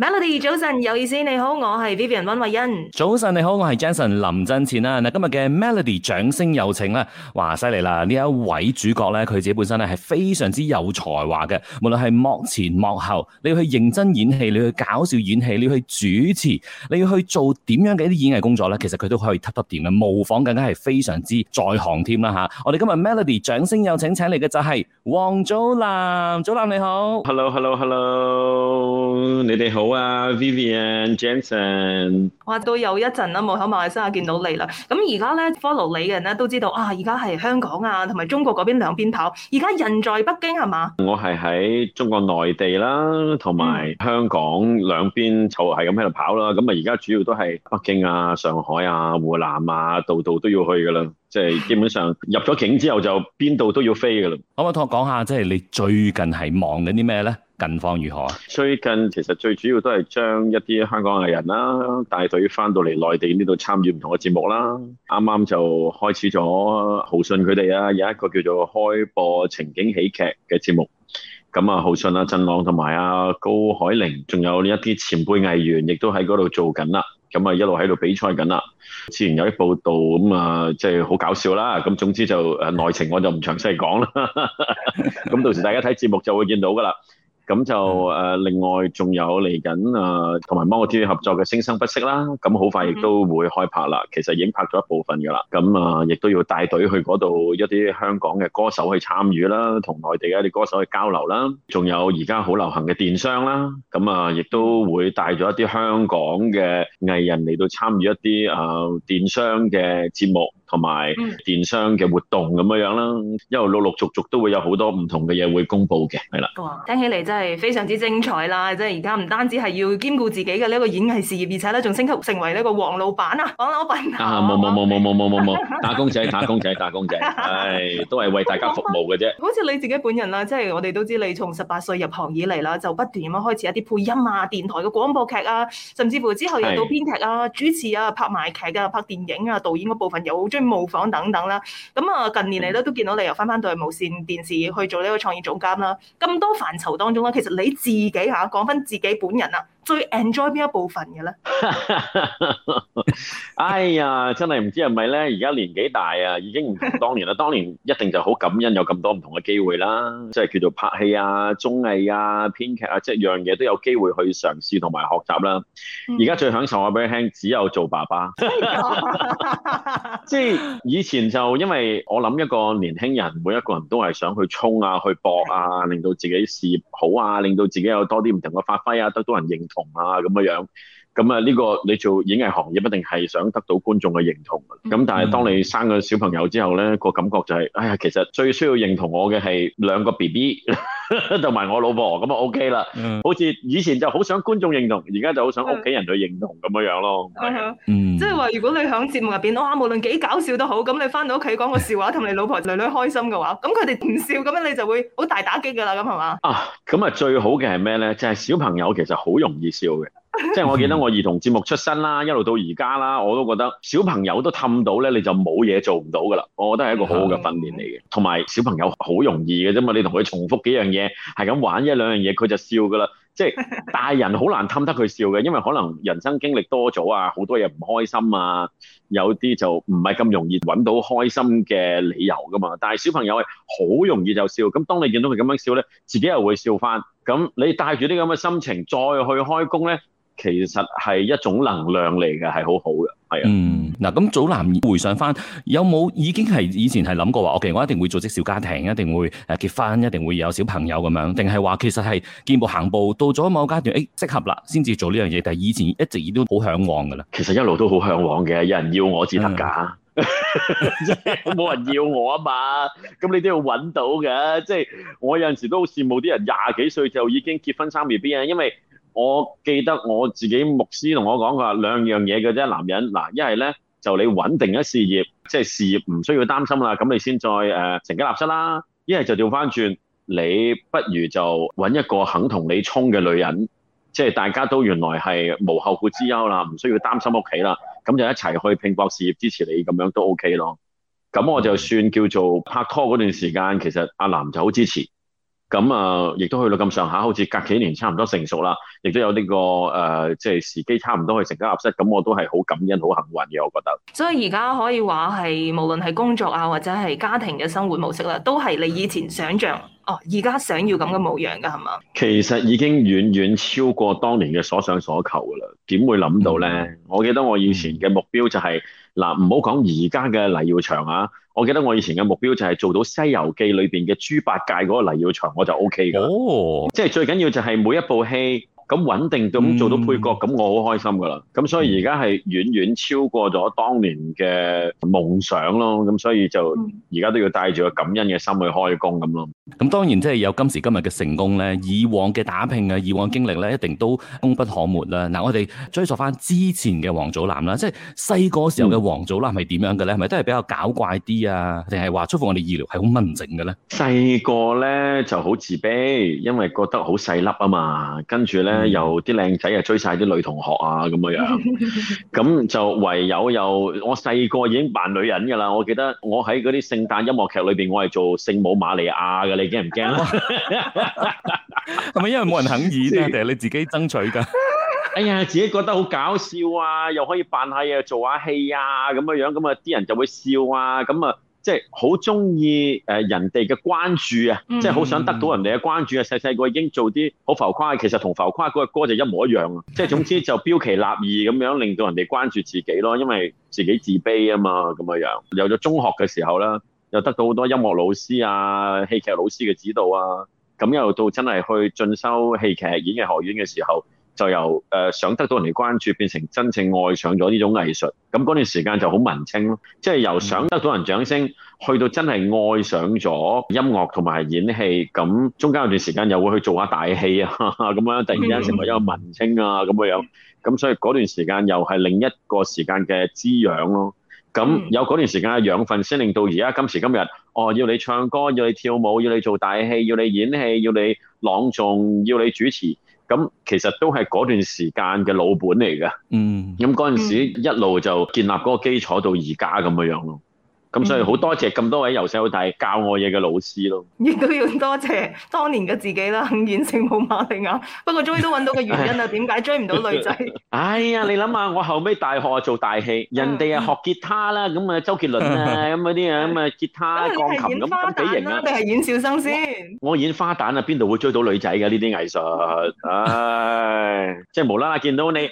Melody 早晨有意思，你好，我係 Vivian 溫慧欣。早晨你好，我係 Jason 林振前啊！嗱，今日嘅 Melody 掌聲有請啦，哇犀利啦！呢一位主角咧，佢自己本身咧係非常之有才華嘅，無論係幕前幕後，你要去認真演戲，你要去搞笑演戲，你要去主持，你要去做點樣嘅一啲演藝工作咧，其實佢都可以 top top 掂嘅，模仿更加係非常之在行添啦吓！我哋今日 Melody 掌聲有請，請嚟嘅就係王祖藍，祖藍你好，Hello Hello Hello，你哋好。好啊 Vivian Jameson 哇，都有一陣啦，冇喺馬來西亞見到你啦。咁而家咧，follow 你嘅人咧都知道啊，而家係香港啊，同埋中國嗰邊兩邊跑。而家人在北京係嘛？我係喺中國內地啦，同埋香港兩邊就係咁喺度跑啦。咁啊、嗯，而家主要都係北京啊、上海啊、湖南啊，度度都要去噶啦。即係基本上入咗境之後，就邊度都要飛噶啦。可唔可以同我講下，即係你最近係忙緊啲咩咧？近況如何啊？最近其實最主要都係將一啲香港藝人啦帶隊翻到嚟內地呢度參與唔同嘅節目啦。啱啱就開始咗浩信佢哋啊，有一個叫做開播情景喜劇嘅節目。咁、嗯、啊，浩信啊、振朗同埋阿高海寧仲有呢一啲前輩藝員，亦都喺嗰度做緊啦。咁啊，一路喺度比賽緊啦。之前有啲報道咁、嗯、啊，即係好搞笑啦。咁、嗯、總之就誒內情我就唔詳細講啦。咁、 嗯、到時大家睇節目就會見到㗎啦。咁就誒、啊，另外仲有嚟緊誒，同埋芒果 TV 合作嘅《聲生不息》啦，咁好快亦都會開拍啦。其實已經拍咗一部分㗎啦。咁啊，亦都要帶隊去嗰度一啲香港嘅歌手去參與啦，同內地嘅一啲歌手去交流啦。仲有而家好流行嘅電商啦，咁啊，亦都會帶咗一啲香港嘅藝人嚟到參與一啲啊電商嘅節目。同埋電商嘅活動咁樣樣啦，一路陸陸續續都會有好多唔同嘅嘢會公布嘅，係啦。聽起嚟真係非常之精彩啦！即係而家唔單止係要兼顧自己嘅呢一個演藝事業，而且咧仲升級成為呢個黃老闆啊，黃老闆啊！冇冇冇冇冇冇冇冇，打工仔打工仔打工仔，係都係為大家服務嘅啫。好似你自己本人啦，即係我哋都知你從十八歲入行以嚟啦，就不斷咁開始一啲配音啊、電台嘅廣播劇啊，甚至乎之後亦到編劇啊、主持啊、拍賣劇啊、拍電影啊、啊、導演嗰部分又、啊哎哎哎模仿等等啦，咁啊近年嚟咧都見到你又翻翻到去無綫電視去做呢個創業總監啦，咁多範疇當中咧，其實你自己吓講翻自己本人啦。最 enjoy 邊一部分嘅咧？ 哎呀，真係唔知係咪咧？而家年紀大啊，已經唔同當年啦。當年一定就好感恩有咁多唔同嘅機會啦，即係叫做拍戲啊、綜藝啊、編劇啊，即係樣嘢都有機會去嘗試同埋學習啦。而家，嗯、最享受話俾你聽，只有做爸爸。 即係以前就因為我諗，一個年輕人，每一個人都係想去衝啊、去搏啊，令到自己事業好啊，令到自己有多啲唔同嘅發揮啊，得多人認同，同啊咁樣樣。咁啊，呢個你做演藝行業一定係想得到觀眾嘅認同嘅。咁但係當你生咗小朋友之後咧，個感覺就係，哎呀，其實最需要認同我嘅係兩個 B B，同埋我老婆，咁啊 OK 啦。好似以前就好想觀眾認同，而家就好想屋企人去認同咁樣樣咯、啊。嗯，即係話如果你喺節目入邊，哇、哦，無論幾搞笑都好，咁你返到屋企講個笑話，同你老婆囡囡開心嘅話，咁佢哋唔笑咁樣，你就會好大打擊㗎喇。咁係嘛啊？咁啊，最好嘅係咩咧？就係、是、小朋友其實好容易笑嘅。即係我記得我兒童節目出身啦，一路到而家啦，我都覺得小朋友都氹到咧，你就冇嘢做唔到噶啦。我覺得係一個好好嘅訓練嚟嘅，同埋小朋友好容易嘅啫嘛。你同佢重複幾樣嘢，係咁玩一兩樣嘢，佢就笑噶啦。即係大人好難氹得佢笑嘅，因為可能人生經歷多咗啊，好多嘢唔開心啊，有啲就唔係咁容易揾到開心嘅理由噶嘛。但係小朋友係好容易就笑，咁當你見到佢咁樣笑咧，自己又會笑翻。咁你帶住啲咁嘅心情再去開工咧。其實係一種能量嚟嘅，係好好嘅，係啊。嗯，嗱咁，祖藍回想翻，有冇已經係以前係諗過話，我、okay, 其我一定會組織小家庭，一定會誒結婚，一定會有小朋友咁樣，定係話其實係見步行步，到咗某階段，誒、欸、適合啦，先至做呢樣嘢。但係以前一直而都好向往㗎啦。其實一路都好向往嘅，有人要我至得㗎，冇、嗯、 人要我啊嘛。咁你都要揾到㗎，即係我有陣時都好羨慕啲人廿幾歲就已經結婚生 BB 啊，因為。我記得我自己牧師同我講過兩樣嘢嘅啫，男人嗱一係咧就你穩定咗事業，即係事業唔需要擔心啦，咁你先再誒成家立室啦。一係就調翻轉，你不如就揾一個肯同你衝嘅女人，即係大家都原來係無後顧之憂啦，唔需要擔心屋企啦，咁就一齊去拼搏事業支持你，咁樣都 OK 咯。咁我就算叫做拍拖嗰段時間，其實阿南就好支持。咁啊，亦都去到咁上下，好似隔幾年差唔多成熟啦，亦都有呢、呢個誒、呃，即係時機差唔多去成家立室，咁我都係好感恩、好幸運嘅，我覺得。所以而家可以話係無論係工作啊，或者係家庭嘅生活模式啦，都係你以前想像哦，而家想要咁嘅模樣噶，係嘛？其實已經遠遠超過當年嘅所想所求噶啦，點會諗到咧？嗯、我記得我以前嘅目標就係、是、嗱，唔好講而家嘅黎耀祥啊。我記得我以前嘅目標就係做到《西遊記》裏面嘅豬八戒嗰個黎耀祥，我就 OK 㗎。哦，oh. 即係最緊要就係每一部戲。咁、嗯、穩定咁做到配角，咁我好開心噶啦。咁所以而家係遠遠超過咗當年嘅夢想咯。咁所以就而家都要帶住個感恩嘅心去開工咁咯、嗯。咁樣、嗯、當然即係有今時今日嘅成功咧，以往嘅打拼啊，以往嘅經歷咧，一定都功不可沒啦。嗱，我哋追溯翻之前嘅王祖藍啦，即係細個時候嘅王祖藍係點樣嘅咧？係咪都係比較搞怪啲啊？定係話出乎我哋意料係好文靜嘅咧？細個咧就好自卑，因為覺得好細粒啊嘛，跟住咧。嗯嗯由啲靚仔啊追晒啲女同學啊咁樣樣，咁就唯有又我細個已經扮女人㗎啦。我記得我喺嗰啲聖誕音樂劇裏邊，我係做聖母瑪利亞㗎。你驚唔驚啊？係咪因為冇人肯意定係你自己爭取㗎？ 哎呀，自己覺得好搞笑啊！又可以扮下嘢，做下戲啊，咁樣樣咁啊，啲人就會笑啊，咁啊～即係好中意誒人哋嘅關注啊！即係好想得到人哋嘅關注啊！細細個已經做啲好浮誇，其實同浮誇嗰個歌就一模一樣啊！即係總之就標奇立異咁樣令到人哋關注自己咯，因為自己自卑啊嘛咁樣。有咗中學嘅時候啦，又得到好多音樂老師啊、戲劇老師嘅指導啊，咁又到真係去進修戲劇演藝學院嘅時候。就由誒、呃、想得到人哋關注變成真正愛上咗呢種藝術，咁嗰段時間就好文青咯，即係由想得到人掌聲去到真係愛上咗音樂同埋演戲，咁中間有段時間又會去做下大戲啊，咁 樣突然間成為一個文青啊，咁嘅樣，咁所以嗰段時間又係另一個時間嘅滋養咯，咁有嗰段時間嘅養分先令到而家今時今日，哦要你唱歌，要你跳舞，要你做大戲，要你演戲，要你朗誦，要你主持。咁其實都係嗰段時間嘅老本嚟嘅，嗯，咁嗰陣時一路就建立嗰個基礎到而家咁嘅樣咯。咁所以好多謝咁多位由細到大教我嘢嘅老師咯，亦、嗯、都要多謝當年嘅自己啦，演成冇馬定啊，不過終於都揾到個原因啦，點解 追唔到女仔？ 哎呀，你諗下，我後尾大學做大戲，人哋啊學吉他啦，咁啊周杰倫啊咁嗰啲啊，咁啊吉他、 鋼琴咁咁典型啊！定係演小生先我？我演花旦啊，邊度會追到女仔嘅呢啲藝術？唉、哎， 即係無啦啦見到你。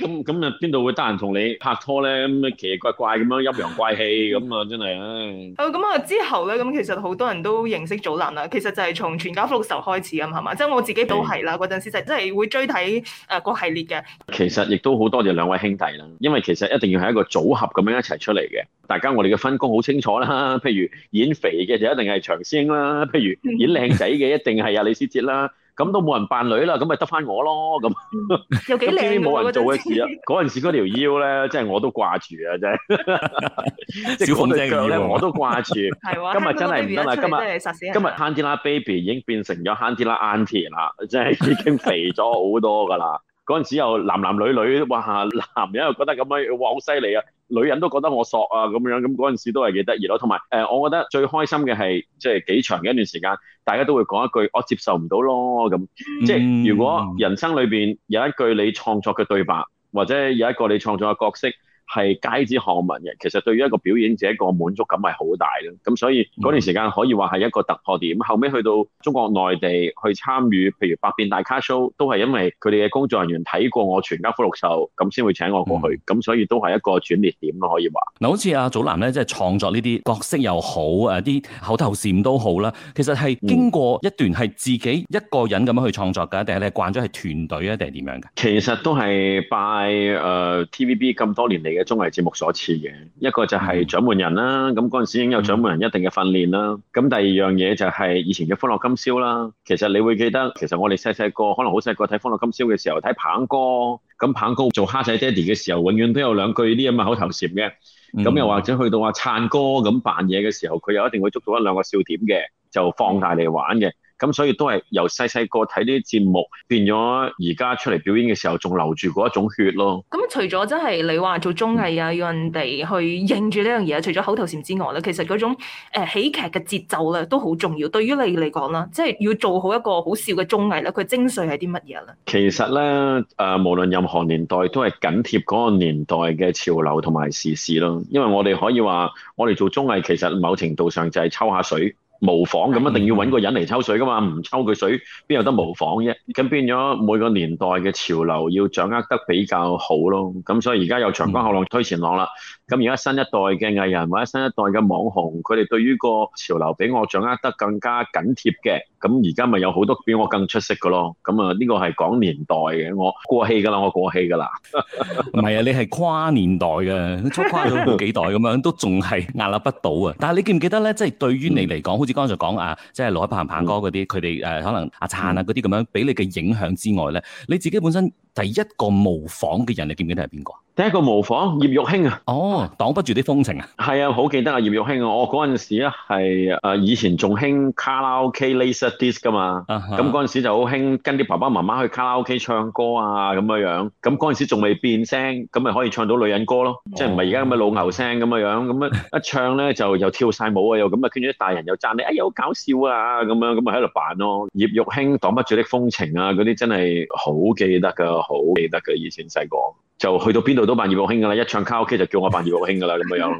咁咁啊，邊度會得閒同你拍拖咧？咁奇奇怪怪咁樣陰陽怪氣咁啊，真係唉！哎、哦，咁啊之後咧，咁其實好多人都認識祖藍啦。其實就係從《全家福》時候開始啊嘛，係嘛？即、就、係、是、我自己都係啦，嗰陣的時就真係會追睇誒個系列嘅。其實亦都好多謝兩位兄弟啦，因為其實一定要係一個組合咁樣一齊出嚟嘅。大家我哋嘅分工好清楚啦，譬如演肥嘅就一定係長師兄啦，譬如演靚仔嘅一定係阿李思捷啦。 咁都冇人扮女啦，咁咪得翻我咯，咁， 咁偏偏冇人做嘅事啊！嗰陣 時嗰條腰咧，真係我都掛住啊，真 係， 即係小鳳姐嘅腰我都掛住。係 今日真係，唔得啦今日，今日 Hanty La Baby 已經變成咗 Hanty La Auntie 啦，真係 已經肥咗好多㗎啦。 嗰陣時又男男女女，哇！男人又覺得咁樣，哇好犀利啊！女人都覺得我索啊咁樣，咁嗰陣時都係幾得意咯。同埋誒，我覺得最開心嘅係即係幾長嘅一段時間，大家都會講一句我接受唔到咯咁。即係如果人生裏邊有一句你創作嘅對白，或者有一個你創作嘅角色。係街知巷聞嘅，其實對於一個表演者一個滿足感係好大嘅。咁所以嗰段時間可以話係一個突破點。嗯、後尾去到中國內地去參與，譬如百變大咖 show，都係因為佢哋嘅工作人員睇過我全家福祿壽，咁先會請我過去。咁、嗯、所以都係一個轉捩點咯，可以話。嗱、嗯，好似阿祖藍咧，即係創作呢啲角色又好啊，啲口頭禪都好啦。其實係經過一段係自己一個人咁樣去創作㗎，定係你係慣咗係團隊啊，定係點樣㗎？其實都係拜誒 TVB 咁多年嚟，嘅綜藝節目所賜嘅，一個就係掌門人啦，咁嗰陣時已經有掌門人一定嘅訓練啦。咁、嗯、第二樣嘢就係以前嘅《歡樂今宵》啦。其實你會記得，其實我哋細細個可能好細個睇《歡樂今宵》嘅時候，睇彭哥，咁彭哥做蝦仔爹哋嘅時候，永遠都有兩句啲咁嘅口頭禪嘅。咁、嗯、又或者去到阿撐哥咁扮嘢嘅時候，佢又一定會捉到一兩個笑點嘅，就放大嚟玩嘅。嗯嗯。咁所以都係由細細個睇呢啲節目，變咗而家出嚟表演嘅時候，仲留住嗰一種血咯。咁除咗真係你話做綜藝啊，要人哋去應住呢樣嘢，除咗口頭禪之外咧，其實嗰種誒喜劇嘅節奏咧，都好重要。對於你嚟講啦，即係要做好一個好笑嘅綜藝啦，佢精髓係啲乜嘢咧？其實咧，誒無論任何年代都係緊貼嗰個年代嘅潮流同埋時事咯。因為我哋可以話，我哋做綜藝其實某程度上就係抽下水。模仿咁一定要揾個人嚟抽水㗎嘛，唔抽佢水邊有得模仿啫。咁變咗每個年代嘅潮流要掌握得比較好咯。咁所以而家有長江後浪推前浪啦。咁而家新一代嘅藝人或者新一代嘅網紅，佢哋對於個潮流比我掌握得更加緊貼嘅。咁而家咪有好多比我更出色嘅咯。咁啊，呢個係講年代嘅，我過氣㗎啦，我過氣㗎啦。唔 係啊，你係跨年代嘅，跨咗幾代咁樣都仲係屹立不倒啊。但係你記唔記得呢？即係對於你嚟講，好似剛才講啊，即係盧海鵬、鵬哥嗰啲，佢哋、嗯呃、可能阿燦啊嗰啲咁樣，俾你嘅影響之外呢，你自己本身。第一個模仿嘅人，你記唔記得係邊個？第一個模仿葉玉卿、哦、啊！哦，擋不住啲風情啊！係啊，好記得啊，葉玉卿啊！我嗰陣時咧係誒，以前仲興卡拉 OK laser disc 噶嘛，咁嗰陣時就好興跟啲爸爸媽媽去卡拉 OK 唱歌啊，咁樣樣。咁嗰陣時仲未變聲，咁咪可以唱到女人歌咯，oh. 即係唔係而家咁嘅老牛聲咁嘅樣，咁樣一唱咧就又跳晒舞啊， 又咁啊跟住啲大人又讚你，哎呀好搞笑啊，咁樣咁咪喺度扮咯。葉玉卿擋不住啲風情啊，嗰啲真係好記得噶。好記得嘅，以前細個就去到邊度都扮葉寶興噶啦，一唱卡拉 OK 就叫我扮葉寶興噶啦，咁又有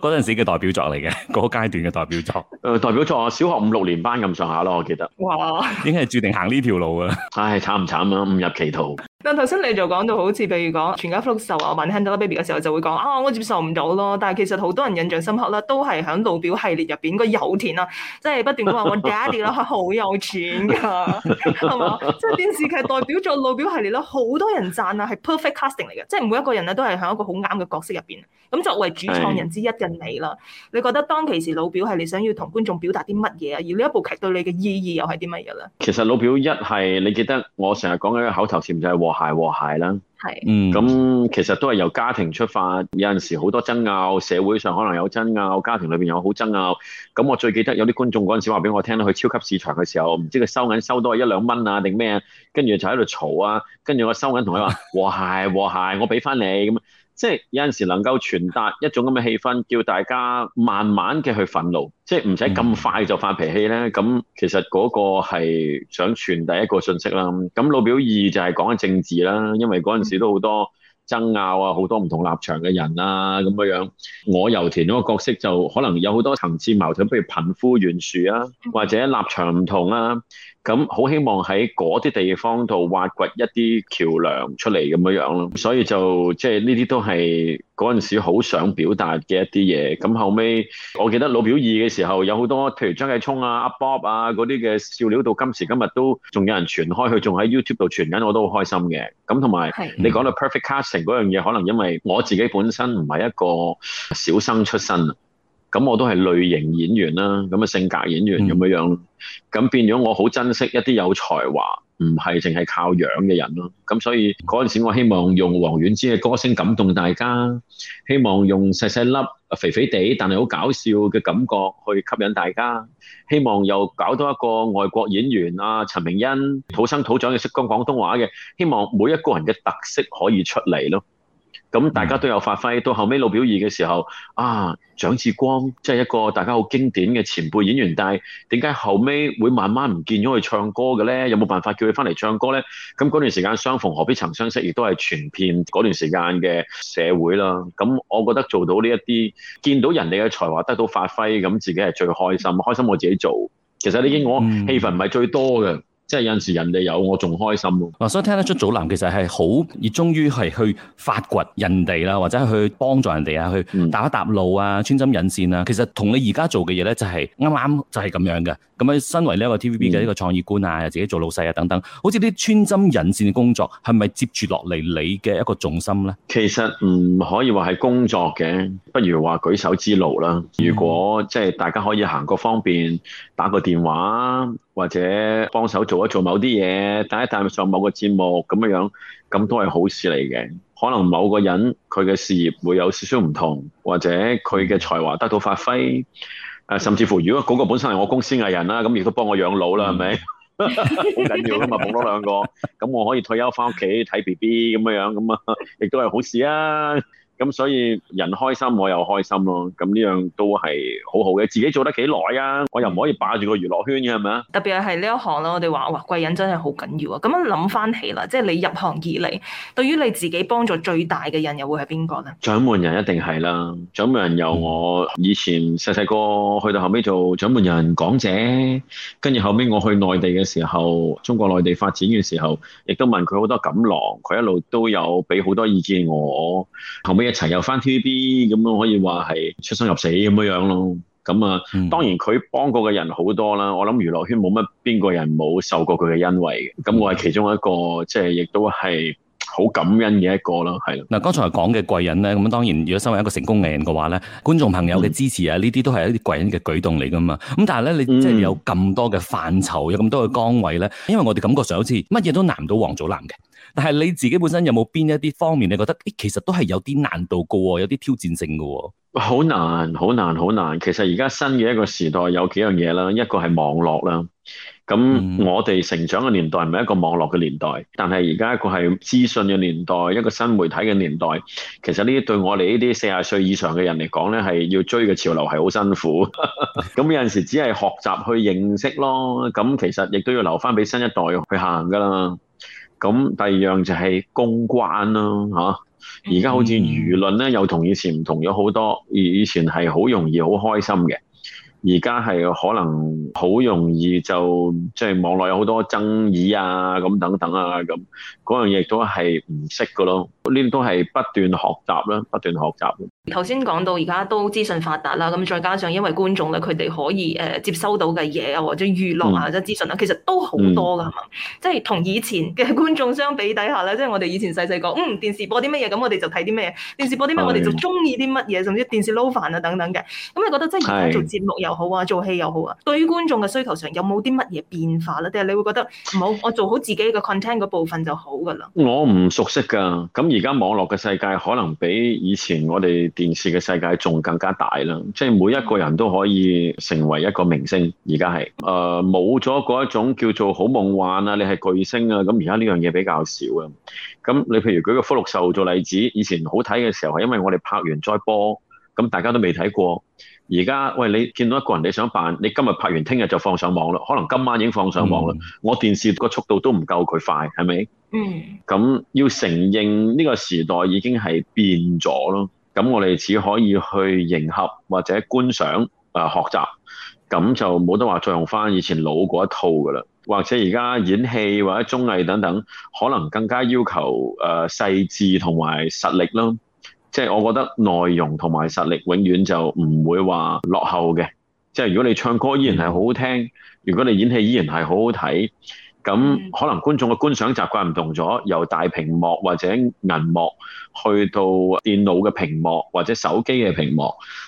嗰陣 時嘅代表作嚟嘅，嗰階段嘅代表作，誒、 呃，代表作小學五六年班咁上下咯，我記得，哇，已經係注定行呢條路啊， 唉，慘唔慘啊？誤入歧途。但頭先你就講到好似，譬如講全家福受啊，或 h a n g e Baby》嘅時候就會講啊，我接受唔到咯。但係其實好多人印象深刻啦，都係喺老表系列入邊個油田啊，即係不斷咁話我爹哋啦，dy, 好有錢噶， 係嘛？即係電視劇代表咗老表系列咧，好多人讚啊，係 perfect casting 嚟嘅，即係每一個人咧都係喺一個好啱嘅角色入邊。咁作為主創人之一嘅你啦，你覺得當其時老表係你想要同觀眾表達啲乜嘢啊？而呢一部劇對你嘅意義又係啲乜嘢咧？其實老表一係，你記得我成日講嘅口頭禪就係、是。和諧和諧啦，係，嗯，咁、嗯、其實都係由家庭出發，有陣時好多爭拗，社會上可能有爭拗，家庭裏邊有好爭拗，咁我最記得有啲觀眾嗰陣時話俾我聽，去超級市場嘅時候，唔知佢收銀收多一兩蚊啊定咩，跟住就喺度嘈啊，跟住我收銀同佢話和諧和諧，我俾翻你咁。即係有陣時能夠傳達一種咁嘅氣氛，叫大家慢慢嘅去憤怒，即係唔使咁快就發脾氣咧。咁其實嗰個係想傳遞一個訊息啦。咁老表二就係講緊政治啦，因為嗰陣時都好多爭拗啊，好多唔同立場嘅人啦、啊、咁樣樣。我油田嗰個角色就可能有好多層次矛盾，譬如貧富懸殊啊，或者立場唔同啊。咁好希望喺嗰啲地方度挖掘一啲橋梁出嚟咁樣樣咯，所以就即係呢啲都係嗰陣時好想表達嘅一啲嘢。咁後尾我記得老表二嘅時候有好多，譬如張繼聰啊、阿 Bob 啊嗰啲嘅笑料，到今時今日都仲有人傳開，佢仲喺 YouTube 度傳緊，我都好開心嘅。咁同埋你講到 perfect casting 嗰樣嘢，可能因為我自己本身唔係一個小生出身。咁我都係類型演員啦，咁、那、啊、個、性格演員咁樣樣，咁、嗯、變咗我好珍惜一啲有才華，唔係淨係靠樣嘅人咯。咁所以嗰陣時我希望用黃菀之嘅歌聲感動大家，希望用細細粒肥肥地但係好搞笑嘅感覺去吸引大家，希望又搞到一個外國演員啊，陳明恩土生土長嘅識講廣東話嘅，希望每一個人嘅特色可以出嚟咯。咁、嗯、大家都有發揮，到後尾老表二嘅時候，啊，蔣志光即係一個大家好經典嘅前輩演員，但係點解後尾會慢慢唔見咗佢唱歌嘅咧？有冇辦法叫佢返嚟唱歌咧？咁嗰段時間相逢何必曾相識，亦都係全片嗰段時間嘅社會啦。咁我覺得做到呢一啲，見到人哋嘅才華得到發揮，咁自己係最開心。開心我自己做，其實你見我戲份唔係最多嘅。即係有陣時人哋有，我仲開心咯、啊。所以聽得出祖藍其實係好熱衷於係去發掘人哋啦，或者去幫助人哋啊，去搭一搭路啊、嗯、穿針引線啊。其實同你而家做嘅嘢咧，就係啱啱就係咁樣嘅。咁樣身為呢一個 TVB 嘅呢個創意官啊，嗯、自己做老細啊等等，好似啲穿針引線嘅工作，係咪接住落嚟你嘅一個重心咧？其實唔可以話係工作嘅，不如話舉手之勞啦。如果即係大家可以行個方便，打個電話。或者幫手做一做某啲嘢，帶一帶上某個節目咁嘅樣，咁都係好事嚟嘅。可能某個人佢嘅事業會有少少唔同，或者佢嘅才華得到發揮。誒、啊，甚至乎如果嗰個本身係我公司藝人啦，咁亦都幫我養老啦，係咪、嗯？好緊吧 要㗎嘛，捧多兩個，咁我可以退休翻屋企睇 BB 咁嘅樣，咁啊，亦都係好事啊！咁所以人開心我又開心咯，咁呢樣都係好好嘅。自己做得幾耐啊？我又唔可以霸住個娛樂圈嘅係咪啊？特別係呢一行啦，我哋話，哇，貴人真係好緊要啊！咁樣諗翻起啦，即係你入行以嚟，對於你自己幫助最大嘅人又會係邊個咧？掌門人一定係啦，掌門人由我以前細細個去到後尾做掌門人講者，跟住後尾我去內地嘅時候，中國內地發展嘅時候，亦都問佢好多錦囊，佢一路都有俾好多意見我，後尾。一齊又翻 TVB，咁樣可以話係出生入死咁樣樣咯。咁啊，當然佢幫過嘅人好多啦。我諗娛樂圈冇乜邊個人冇受過佢嘅恩惠嘅。咁我係其中一個，即係亦都係。好感恩嘅一個咯，係啦。嗱，剛才講嘅貴人咧，咁當然，如果身為一個成功嘅人嘅話咧，觀眾朋友嘅支持啊，呢啲都係一啲貴人嘅舉動嚟噶嘛。咁但係咧，你即係有咁多嘅範疇，有咁多嘅崗位咧，因為我哋感覺上好似乜嘢都難唔到王祖藍嘅。但係你自己本身有冇邊一啲方面，你覺得誒、欸、其實都係有啲難度高喎、哦，有啲挑戰性嘅喎、哦。好難，好難，好難。其實而家新嘅一個時代有幾樣嘢啦，一個係網絡啦。咁我哋成長嘅年代唔係一個網絡嘅年代，但係而家一個係資訊嘅年代，一個新媒體嘅年代。其實呢啲對我哋呢啲四十歲以上嘅人嚟講咧，係要追嘅潮流係好辛苦。咁 有陣時只係學習去認識咯。咁其實亦都要留翻俾新一代去行噶啦。咁第二樣就係公關咯，吓。而家好似輿論咧，又同以前唔同咗好多。以以前係好容易好開心嘅，而家係可能好容易就即係網絡有好多爭議啊，咁等等啊，咁嗰樣嘢都係唔識㗎囉。呢啲都係不斷學習啦，不斷學習。頭先講到而家都資訊發達啦，咁再加上因為觀眾咧，佢哋可以誒、呃、接收到嘅嘢啊，或者娛樂啊，或者資訊啊，嗯、其實都好多噶，係嘛、嗯？即係同以前嘅觀眾相比底下咧，即係我哋以前細細個，嗯，電視播啲乜嘢，咁我哋就睇啲乜嘢，電視播啲乜，是我哋就中意啲乜嘢，甚至電視撈飯啊等等嘅。咁你覺得即係而家做節目又好啊，是做戲又好啊，對於觀眾嘅需求上，有冇啲乜嘢變化咧？定係你會覺得唔好，我做好自己嘅 content 嗰部分就好噶啦。我唔熟悉噶，咁而家網絡嘅世界可能比以前我哋。電視嘅世界仲更加大啦，即係每一個人都可以成為一個明星。而家係誒冇咗嗰一種叫做好夢幻啊，你係巨星啊。咁而家呢樣嘢比較少啊。咁你譬如舉個《福祿壽》做例子，以前好睇嘅時候係因為我哋拍完再播，咁大家都未睇過。而家喂你見到一個人你想扮，你今日拍完，聽日就放上網啦。可能今晚已經放上網啦。嗯、我電視個速度都唔夠佢快，係咪？嗯。咁要承認呢個時代已經係變咗咯。咁我哋只可以去迎合或者觀賞啊、呃、學習，咁就冇得話再用翻以前老嗰一套噶啦。或者而家演戲或者綜藝等等，可能更加要求誒、呃、細緻同埋實力咯。即係我覺得內容同埋實力永遠就唔會話落後嘅。即係如果你唱歌依然係好好聽，如果你演戲依然係好好睇。咁、嗯、可能觀眾嘅觀賞習慣唔同咗，由大屏幕或者銀幕去到電腦嘅屏幕或者手機嘅屏幕。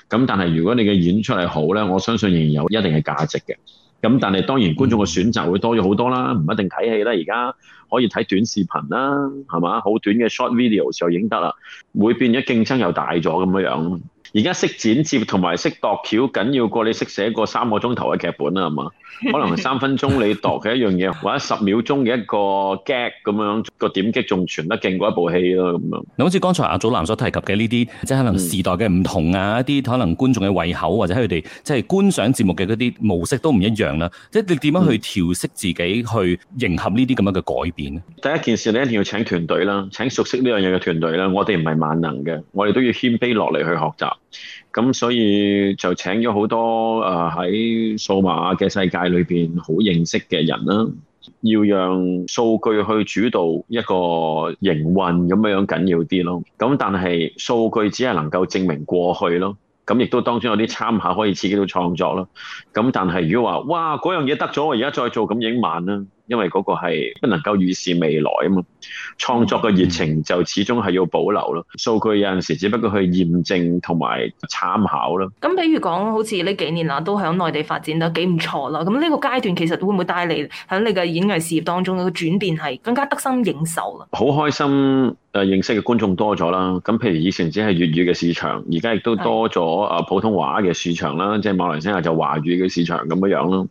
咁但係如果你嘅演出係好呢，我相信仍然有一定嘅價值嘅。咁但係當然觀眾嘅選擇會多咗好多啦，唔一定睇戲啦，而家可以睇短視頻啦，係嘛？好短嘅 short videos 就影得啦，會變咗競爭又大咗咁樣樣。而家識剪接同埋識度橋，緊要過你識寫個三個鐘頭嘅劇本啦，係嘛？ 可能三分鐘你度嘅一樣嘢， 或者十秒鐘嘅一個 gag 咁樣個點擊，仲傳得勁過一部戲咯咁樣。好似剛才阿祖藍所提及嘅呢啲，即係可能時代嘅唔同啊，嗯、一啲可能觀眾嘅胃口或者佢哋即係觀賞節目嘅嗰啲模式都唔一樣啦。即係你點樣去調適自己、嗯、去迎合呢啲咁樣嘅改變咧？第一件事你一定要請團隊啦，請熟悉呢樣嘢嘅團隊啦。我哋唔係萬能嘅，我哋都要謙卑落嚟去學習。咁所以就請咗好多誒喺數碼嘅世界裏邊好認識嘅人啦，啊，要讓數據去主導一個營運咁樣樣緊要啲咯。咁但係數據只係能夠證明過去咯，咁亦都當中有啲參考可以刺激到創作咯。咁但係如果話哇嗰樣嘢得咗，我而家再做咁已經慢啦。因為嗰個係不能夠預示未來啊嘛，創作嘅熱情就始終係要保留咯。數據有陣時只不過去驗證同埋參考咯。咁，比如講好似呢幾年啦，都喺內地發展得幾唔錯啦。咁呢個階段其實會唔會帶你喺你嘅演藝事業當中嘅個轉變，係更加得心應手啦？好開心！誒，認識嘅觀眾多咗啦。咁譬如以前只係粵語嘅市場，而家亦都多咗啊普通話嘅市場啦，即係馬來西亞就華語嘅市場咁樣樣咯。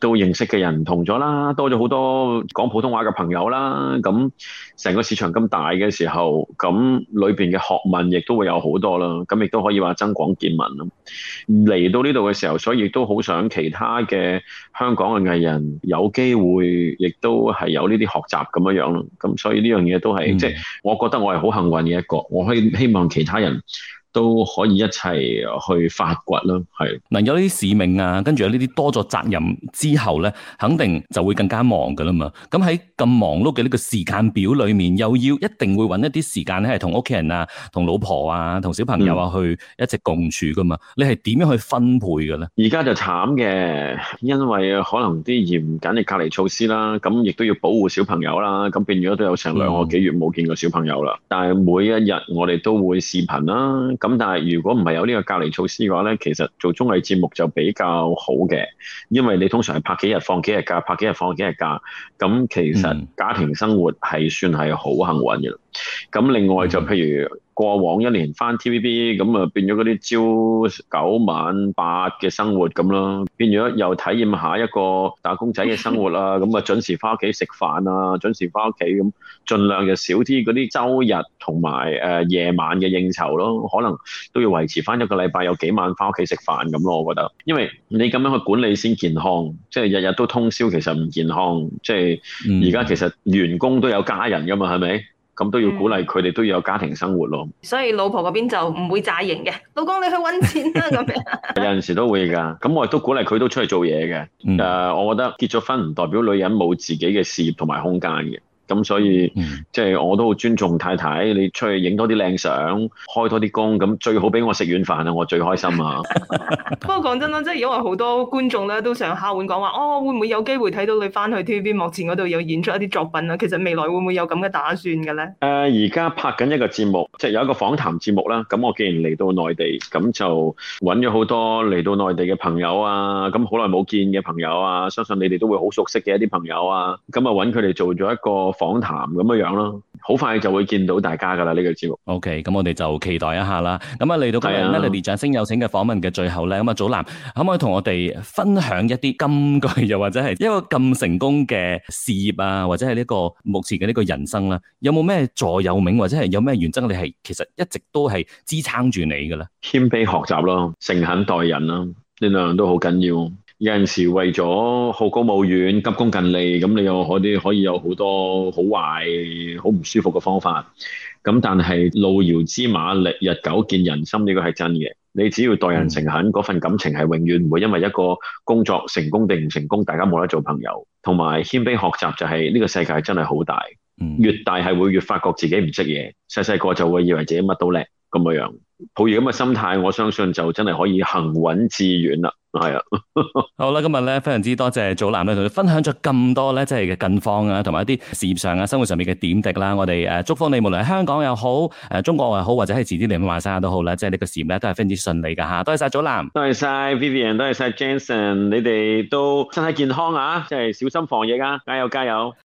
都認識嘅人唔同咗啦，多咗好多講普通話嘅朋友啦。咁成個市場咁大嘅時候，咁裏邊嘅學問亦都會有好多啦。咁亦都可以話增廣見聞咯。嚟到呢度嘅時候，所以亦都好想其他嘅香港嘅藝人有機會，亦都係有呢啲學習咁樣樣咯。咁所以呢樣嘢都係、嗯、即係，我覺得我係好幸運嘅一個，我可以希望其他人。都可以一齊去發掘咯，係嗱、嗯、有呢啲使命啊，跟住有呢啲多咗責任之後咧，肯定就會更加忙㗎啦嘛。咁喺咁忙碌嘅呢個時間表裏面，又要一定會搵一啲時間咧、啊，係同屋企人啊、同老婆啊、同小朋友啊，朋友啊去一直共處㗎嘛。嗯、你係點樣去分配嘅咧？而家就慘嘅，因為可能啲嚴謹嘅隔離措施啦，咁亦都要保護小朋友啦，咁變咗都有成兩個幾月冇見過小朋友啦。嗯、但係每一日我哋都會視頻啦。咁但係如果唔係有呢個隔離措施嘅話咧，其實做綜藝節目就比較好嘅，因為你通常係拍幾日放幾日假，拍幾日放幾日假，咁其實家庭生活係算係好幸運嘅。咁、嗯、另外就譬如。過往一年返 TVB 咁啊，變咗嗰啲朝九晚八嘅生活咁咯，變咗又體驗下一個打工仔嘅生活啦。咁啊， 準時返屋企食飯啊，準時返屋企咁，盡量就少啲嗰啲周日同埋誒夜晚嘅應酬咯。可能都要維持返一個禮拜有幾晚返屋企食飯咁咯。我覺得，因為你咁樣去管理先健康，即係日日都通宵其實唔健康。即係而家其實員工都有家人㗎嘛，係咪？咁都要鼓勵佢哋都要有家庭生活咯，所以老婆嗰邊就唔會詐型嘅，老公，你去揾錢啦，咁有陣時都會㗎。咁我亦都鼓勵佢都出去做嘢嘅。誒， uh, 我覺得結咗婚唔代表女人冇自己嘅事業同埋空間嘅。咁、嗯、所以即係、就是、我都好尊重太太，你出去影多啲靚相，開多啲工，咁最好俾我食軟飯啊！我最開心啊！ 不過講真啦，即係因為好多觀眾咧都上下碗講話，哦，會唔會有機會睇到你翻去 TVB 幕前嗰度有演出一啲作品啊？其實未來會唔會有咁嘅打算嘅咧？誒、呃，而家拍緊一個節目，即、就、係、是、有一個訪談節目啦。咁我既然嚟到內地，咁就揾咗好多嚟到內地嘅朋友啊，咁好耐冇見嘅朋友啊，相信你哋都會好熟悉嘅一啲朋友啊，咁啊揾佢哋做咗一個訪談咁嘅樣咯，好快就會見到大家噶啦呢個節目。OK，咁我哋就期待一下啦。咁啊，嚟到今日 Melody 掌聲有請嘅訪問嘅最後咧，咁啊，祖藍可唔可以同我哋分享一啲金句，又或者係一個咁成功嘅事業啊，或者係呢個目前嘅呢個人生啦、啊，有冇咩座右銘，或者係有咩原則你係其實一直都係支撐住你嘅咧？謙卑學習咯，誠懇待人咯，呢兩樣都好緊要。有陣時為咗好高騖遠，急功近利，咁你又可啲可以有好多好壞、好唔舒服嘅方法。咁但係路遙知馬力，日久見人心呢，這個係真嘅。你只要待人誠懇，嗰份感情係永遠唔會因為一個工作成功定唔成功，大家冇得做朋友。同埋謙卑學習就係、是、呢、這個世界真係好大，越大係會越發覺自己唔識嘢。細細個就會以為自己乜都叻。咁嘅樣，抱住咁嘅心態，我相信就真係可以行穩致遠啦。係啊， 好啦，今日咧非常之多謝祖藍咧同佢分享咗咁多咧，即係嘅近況啊，同埋一啲事業上啊、生活上面嘅點滴啦。我哋誒祝福你，無論喺香港又好，誒中國又好，或者喺遲啲嚟方華山都好啦，即係呢個事業咧都係非常之順利噶吓。多謝晒祖藍，多謝晒 Vivian，多謝晒 Jansen，你哋都身體健康啊，即係小心防疫啊，加油加油！